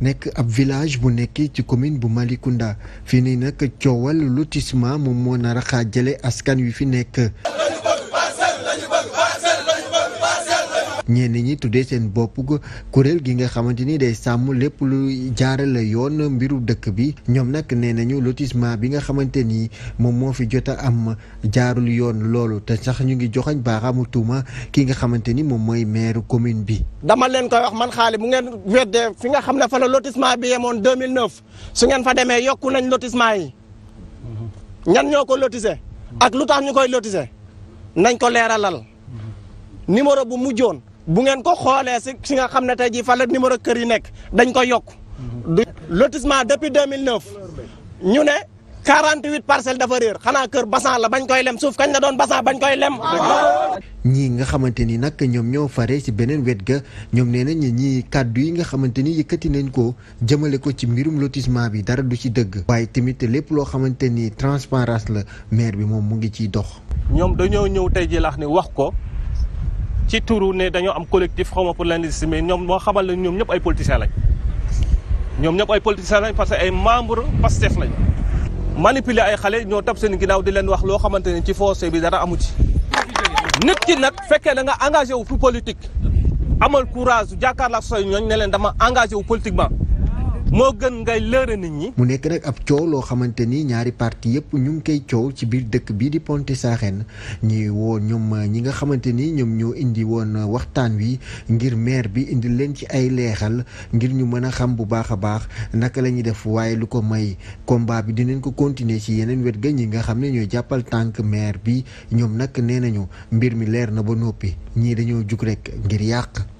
nekk ab village bu nekkee ci commune bu Malicounda fii nii nag coowal lotissement moom moo nar a jële askan wi fi nekk. ñenn ñi tuddee seen bopp kuréel gi nga xamante ni day sàmm lépp lu jaarale yoon mbiru dëkk bi ñoom nag nee nañu lotissement bi nga xamante ni moom moo fi jot a am jaarul yoon loolu te sax ñu ngi joxañ baaxaamu tuuma ki nga xamante ni moom mooy maire commune bi. dama leen koy wax man xaalis bu ngeen weddee fi nga xam ne fa la lotissement bi yemoon 2009 su ngeen fa demee yokku nañ lotissement yi ñan ñoo ko lotissé ak lu tax ñu koy lotise nañ ko leeralal numéro bu mujjoon. bu ngeen ko xoolee si si nga xam ne tey jii fa la numéro kër yi nekk dañ ko yokk du lotissement depuis 2009 ñu ne 48 parcelle dafa réer xanaa kër basan la bañ koy lem suuf kañ la doon basan bañ koy lem. ñii nga xamante ni nag ñoom ñoo fare si beneen wet ga ñoom nee nañ ñii kàddu yi nga xamante ni yëkkati nañ ko jëmale ko ci mbirum lotissement bi dara du ci dëgg. waaye tamit lépp loo xamante ni transparence la maire bi moom mu ngi ciy dox. ñoom dañoo ñëw tey ji laax ni wax ko. ci turu ne dañoo am collectif xaw ma pour l'industrie mais ñoom moo xamal la ñoom ñëpp ay politiciens lañ ñoom ñëpp ay politiciens lañ parce que ay membre Pastef lañ manipuler ay xale ñoo tab seen ginnaaw di leen wax loo xamante ne ci forcé bi dara amu ci nit ki nag fekkee da nga engagé wu fu politique amal courage jàkkaarloo ak sooy ñooñ ne leen dama engagé wu politiquement moo gën ngay lëre nit ñi. mu nekk nag ab coow loo xamante ni ñaari parti yëpp ñu ngi koy coow ci biir dëkk bii di Pointe-Sarène ñi woo ñoom ñi nga xamante ni ñoom ñoo indi woon waxtaan wi ngir meer bi indi leen ci ay leexal ngir ñu mën a xam bu baax a baax naka la ñuy def waaye lu ko may combat bi dinañ ko continuer ci yeneen wet ga ñi nga xam ne ñooy jàppal tànk maire bi ñoom nag nee nañu mbir mi leer na ba noppi ñii dañoo jug rek ngir yàq.